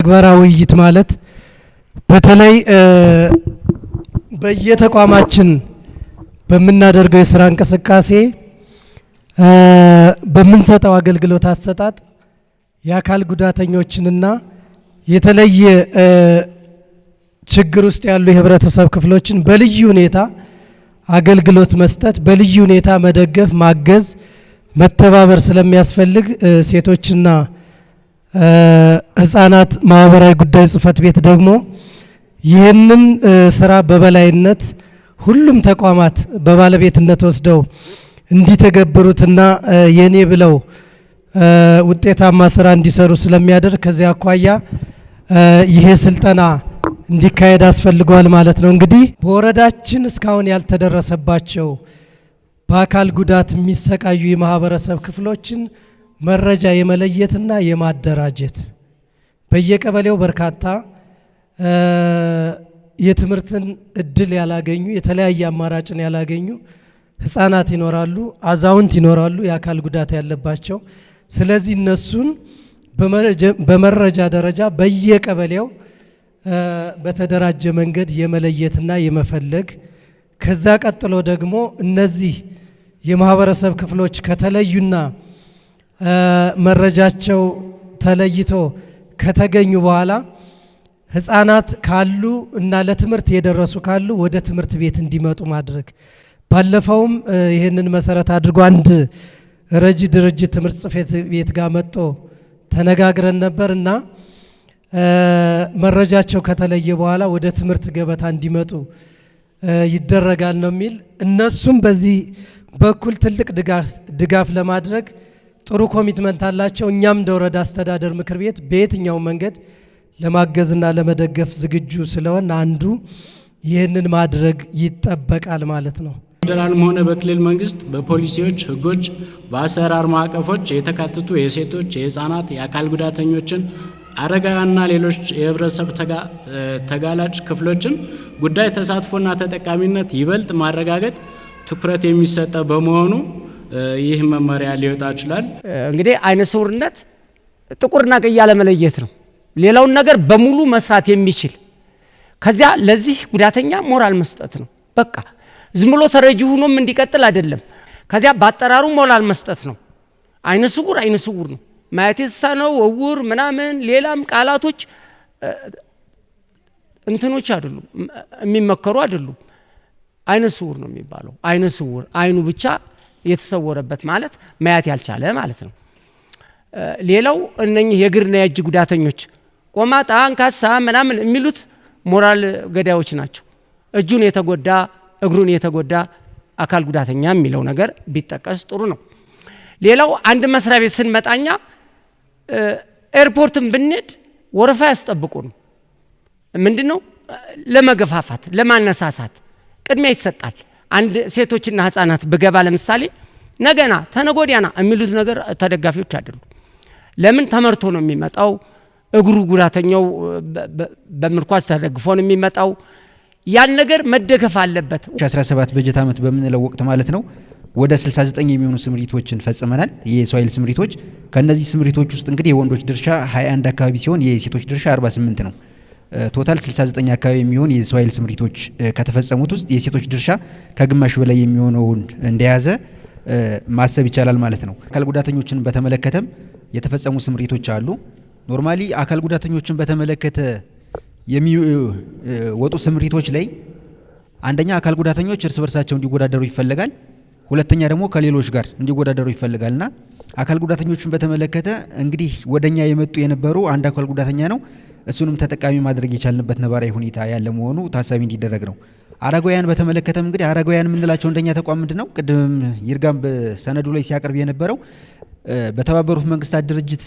ተግባራ ውይይት ማለት በተለይ በየተቋማችን በምናደርገው የስራ እንቅስቃሴ በምንሰጠው አገልግሎት አሰጣጥ የአካል ጉዳተኞችንና የተለየ ችግር ውስጥ ያሉ የህብረተሰብ ክፍሎችን በልዩ ሁኔታ አገልግሎት መስጠት፣ በልዩ ሁኔታ መደገፍ፣ ማገዝ፣ መተባበር ስለሚያስፈልግ ሴቶችና ህፃናት ማህበራዊ ጉዳይ ጽህፈት ቤት ደግሞ ይህንን ስራ በበላይነት ሁሉም ተቋማት በባለቤትነት ወስደው እንዲተገብሩትና የኔ ብለው ውጤታማ ስራ እንዲሰሩ ስለሚያደርግ ከዚያ አኳያ ይሄ ስልጠና እንዲካሄድ አስፈልገዋል ማለት ነው። እንግዲህ በወረዳችን እስካሁን ያልተደረሰባቸው በአካል ጉዳት የሚሰቃዩ የማህበረሰብ ክፍሎችን መረጃ የመለየትና የማደራጀት በየቀበሌው በርካታ የትምህርትን እድል ያላገኙ የተለያየ አማራጭን ያላገኙ ህፃናት ይኖራሉ፣ አዛውንት ይኖራሉ፣ የአካል ጉዳት ያለባቸው። ስለዚህ እነሱን በመረጃ ደረጃ በየቀበሌው በተደራጀ መንገድ የመለየትና የመፈለግ ከዛ ቀጥሎ ደግሞ እነዚህ የማህበረሰብ ክፍሎች ከተለዩና መረጃቸው ተለይቶ ከተገኙ በኋላ ህፃናት ካሉ እና ለትምህርት የደረሱ ካሉ ወደ ትምህርት ቤት እንዲመጡ ማድረግ። ባለፈውም ይህንን መሰረት አድርጎ አንድ ረጂ ድርጅት ትምህርት ጽሕፈት ቤት ጋር መጥቶ ተነጋግረን ነበር እና መረጃቸው ከተለየ በኋላ ወደ ትምህርት ገበታ እንዲመጡ ይደረጋል ነው የሚል እነሱም በዚህ በኩል ትልቅ ድጋፍ ለማድረግ ጥሩ ኮሚትመንት አላቸው። እኛም እንደ ወረዳ አስተዳደር ምክር ቤት በየትኛው መንገድ ለማገዝና ለመደገፍ ዝግጁ ስለሆን አንዱ ይህንን ማድረግ ይጠበቃል ማለት ነው። ፌዴራልም ሆነ በክልል መንግስት በፖሊሲዎች፣ ህጎች፣ በአሰራር ማዕቀፎች የተካተቱ የሴቶች፣ የህፃናት፣ የአካል ጉዳተኞችን፣ አረጋውያንና ሌሎች የህብረተሰብ ተጋላጭ ክፍሎችን ጉዳይ ተሳትፎና ተጠቃሚነት ይበልጥ ማረጋገጥ ትኩረት የሚሰጠ በመሆኑ ይህ መመሪያ ሊወጣ ይችላል። እንግዲህ አይነ ስውርነት ጥቁርና ቀይ ያለመለየት ነው። ሌላውን ነገር በሙሉ መስራት የሚችል ከዚያ ለዚህ ጉዳተኛ ሞራል መስጠት ነው። በቃ ዝም ብሎ ተረጂ ሆኖም እንዲቀጥል አይደለም። ከዚያ በአጠራሩ ሞራል መስጠት ነው። አይነ ስውር አይነ ስውር ነው። ማየት ነው። እውር ምናምን ሌላም ቃላቶች እንትኖች አይደሉም፣ የሚመከሩ አይደሉም። አይነ ስውር ነው የሚባለው። አይነ ስውር አይኑ ብቻ የተሰወረበት ማለት ማየት ያልቻለ ማለት ነው። ሌላው እነኚህ የእግርና የእጅ ጉዳተኞች ቆማጣ፣ አንካሳ ምናምን የሚሉት ሞራል ገዳዮች ናቸው። እጁን የተጎዳ እግሩን የተጎዳ አካል ጉዳተኛ የሚለው ነገር ቢጠቀስ ጥሩ ነው። ሌላው አንድ መስሪያ ቤት ስንመጣኛ ኤርፖርትን ብንሄድ ወረፋ ያስጠብቁ ነው። ምንድን ነው ለመገፋፋት ለማነሳሳት ቅድሚያ ይሰጣል። አንድ ሴቶችና ህፃናት ብገባ ለምሳሌ ነገና ተነጎዲያና የሚሉት ነገር ተደጋፊዎች አይደሉ ለምን ተመርቶ ነው የሚመጣው። እግሩ ጉዳተኛው በምርኳስ ተደግፎ ነው የሚመጣው። ያን ነገር መደገፍ አለበት። 17 በጀት ዓመት በምንለው ወቅት ማለት ነው ወደ 69 የሚሆኑ ስምሪቶችን ፈጽመናል። የሶይል ስምሪቶች ከእነዚህ ስምሪቶች ውስጥ እንግዲህ የወንዶች ድርሻ 21 አካባቢ ሲሆን የሴቶች ድርሻ 48 ነው። ቶታል 69 አካባቢ የሚሆን የሰው ኃይል ስምሪቶች ከተፈጸሙት ውስጥ የሴቶች ድርሻ ከግማሽ በላይ የሚሆነውን እንደያዘ ማሰብ ይቻላል ማለት ነው። አካል ጉዳተኞችን በተመለከተም የተፈጸሙ ስምሪቶች አሉ። ኖርማሊ አካል ጉዳተኞችን በተመለከተ የሚወጡ ስምሪቶች ላይ አንደኛ አካል ጉዳተኞች እርስ በርሳቸው እንዲወዳደሩ ይፈልጋል። ሁለተኛ ደግሞ ከሌሎች ጋር እንዲወዳደሩ ይፈልጋልና አካል ጉዳተኞችን በተመለከተ እንግዲህ ወደኛ የመጡ የነበሩ አንድ አካል ጉዳተኛ ነው እሱንም ተጠቃሚ ማድረግ የቻልንበት ነባራዊ ሁኔታ ያለ መሆኑ ታሳቢ እንዲደረግ ነው። አረጋውያን በተመለከተም እንግዲህ አረጋውያን የምንላቸው እንደኛ ተቋም ምንድን ነው ቅድምም ይርጋም በሰነዱ ላይ ሲያቀርብ የነበረው በተባበሩት መንግስታት ድርጅት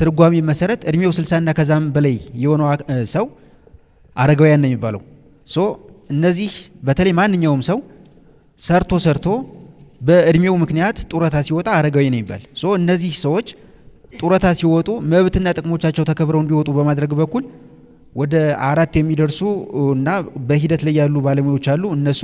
ትርጓሜ መሰረት እድሜው 60ና ከዛም በላይ የሆነው ሰው አረጋውያን ነው የሚባለው። ሶ እነዚህ በተለይ ማንኛውም ሰው ሰርቶ ሰርቶ በእድሜው ምክንያት ጡረታ ሲወጣ አረጋዊ ነው ይባል። ሶ እነዚህ ሰዎች ጡረታ ሲወጡ መብትና ጥቅሞቻቸው ተከብረው እንዲወጡ በማድረግ በኩል ወደ አራት የሚደርሱ እና በሂደት ላይ ያሉ ባለሙያዎች አሉ። እነሱ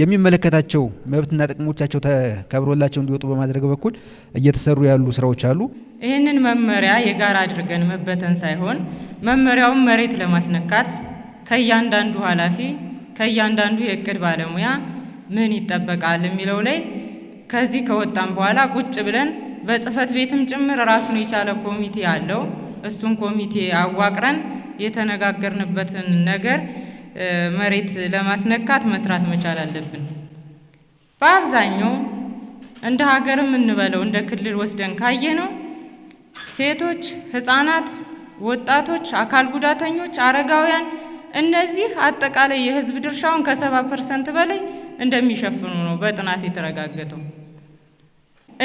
የሚመለከታቸው መብትና ጥቅሞቻቸው ተከብሮላቸው እንዲወጡ በማድረግ በኩል እየተሰሩ ያሉ ስራዎች አሉ። ይህንን መመሪያ የጋራ አድርገን መበተን ሳይሆን መመሪያውን መሬት ለማስነካት ከእያንዳንዱ ኃላፊ ከእያንዳንዱ የእቅድ ባለሙያ ምን ይጠበቃል የሚለው ላይ ከዚህ ከወጣን በኋላ ቁጭ ብለን በጽህፈት ቤትም ጭምር ራሱን የቻለ ኮሚቴ አለው። እሱን ኮሚቴ አዋቅረን የተነጋገርንበትን ነገር መሬት ለማስነካት መስራት መቻል አለብን። በአብዛኛው እንደ ሀገር የምንበለው እንደ ክልል ወስደን ካየ ነው ሴቶች፣ ህፃናት፣ ወጣቶች፣ አካል ጉዳተኞች፣ አረጋውያን እነዚህ አጠቃላይ የህዝብ ድርሻውን ከሰባ ፐርሰንት በላይ እንደሚሸፍኑ ነው በጥናት የተረጋገጠው።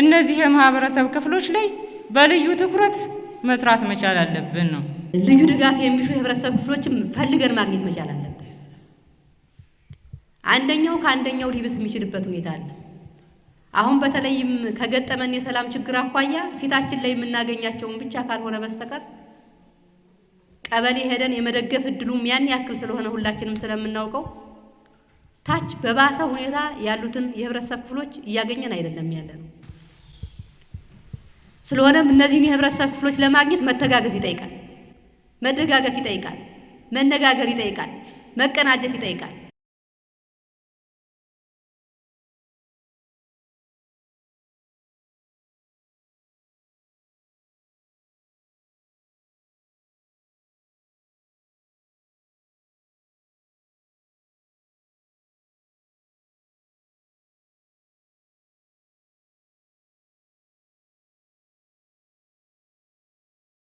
እነዚህ የማህበረሰብ ክፍሎች ላይ በልዩ ትኩረት መስራት መቻል አለብን ነው። ልዩ ድጋፍ የሚሹ የህብረተሰብ ክፍሎችም ፈልገን ማግኘት መቻል አለብን። አንደኛው ከአንደኛው ሊብስ የሚችልበት ሁኔታ አለ። አሁን በተለይም ከገጠመን የሰላም ችግር አኳያ ፊታችን ላይ የምናገኛቸውን ብቻ ካልሆነ በስተቀር ቀበሌ ሄደን የመደገፍ እድሉም ያን ያክል ስለሆነ ሁላችንም ስለምናውቀው ታች በባሰ ሁኔታ ያሉትን የህብረተሰብ ክፍሎች እያገኘን አይደለም ያለ ነው። ስለሆነም እነዚህን የህብረተሰብ ክፍሎች ለማግኘት መተጋገዝ ይጠይቃል፣ መደጋገፍ ይጠይቃል፣ መነጋገር ይጠይቃል፣ መቀናጀት ይጠይቃል።